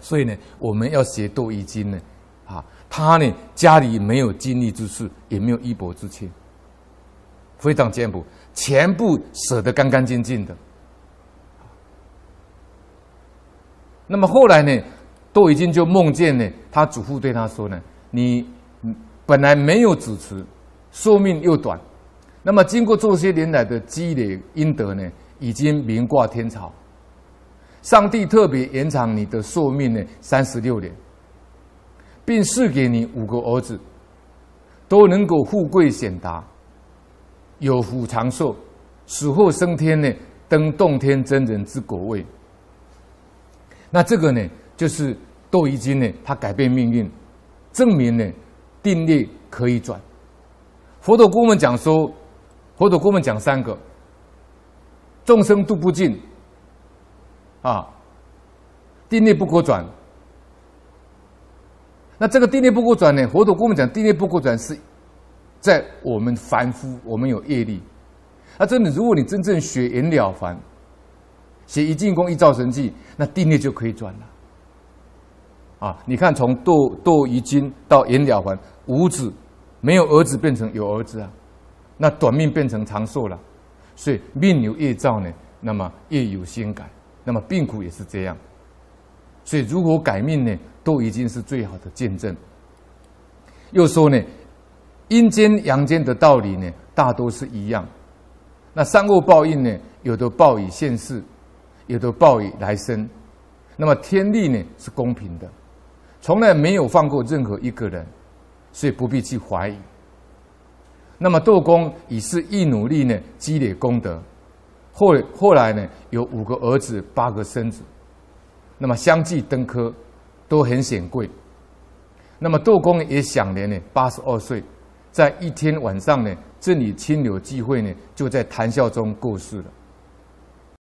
所以呢，我們要學竇禹鈞呢，啊，他呢家裡沒有金玉之飾，也沒有衣帛之妾，非常簡樸，全部捨得乾乾淨淨的。那麼後來呢，竇禹鈞就夢見呢，他祖父對他說呢：“你本來沒有子嗣，壽命又短，那麼經過這些年來的積累陰德呢，已經名掛天曹。”上帝特別延長你的壽命呢，三十六年，並賜給你五個兒子，都能夠富貴顯達，有福長壽，死後升天呢，登洞天真人之果位。那這個呢，就是《竇禹鈞》呢，他改變命運，證明呢，定力可以轉。佛陀給我們講說，佛陀給我們講三個，眾生度不盡。啊，定力不可轉。那這個定力不可轉呢？佛陀跟我們講，定力不可轉是，在我們凡夫，我們有業力。那真的，如果你真正學《袁了凡》，學一進功一造神跡，那定力就可以轉了。啊，你看從《斗斗魚經》到《袁了凡》，無子沒有兒子變成有兒子啊，那短命變成長壽了。所以命由業造呢，那麼業由心改。那麼病苦也是這樣，所以如果改命呢，都已經是最好的見證。又說呢，陰間陽間的道理呢，大多是一樣。那善惡報應呢，有的報以現世，有的報以來生。那麼天理呢，是公平的，從來沒有放過任何一個人，所以不必去懷疑。那麼竇公已是一努力呢，積累功德。後來後來呢，有五個兒子，八個孫子，那麼相繼登科，都很顯貴。那麼竇公也享年呢，八十二歲，在一天晚上呢，這裡親友聚會呢，就在談笑中過世了。